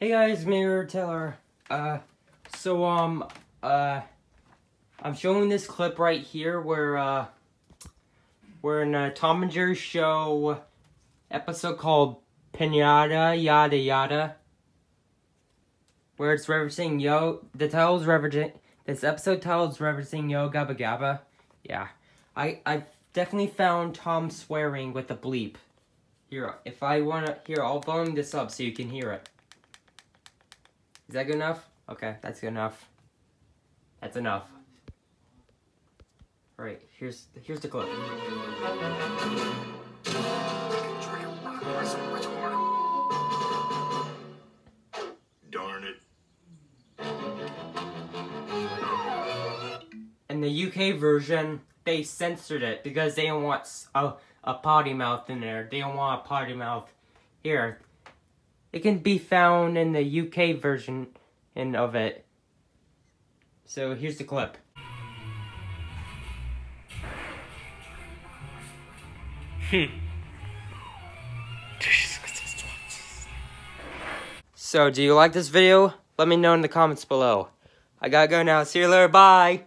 Hey guys, Mayor Taylor. Uh, so, um, uh, I'm showing this clip right here where, uh, we're in a uh, Tom and Jerry show episode called Pinata Yada Yada. Where it's referencing Yo, the title's referencing, this episode title's referencing Yo Gabba Gabba. Yeah. I, I definitely found Tom swearing with a bleep. Here, if I wanna, here, I'll volume this up so you can hear it. Is that good enough? Okay, that's good enough. That's enough. All right, here's here's the clip. Darn it. In the UK version, they censored it because they don't want a, a potty mouth in there. They don't want a potty mouth here. It can be found in the UK version of it. So here's the clip. Hmm. so do you like this video? Let me know in the comments below. I gotta go now. See you later. Bye.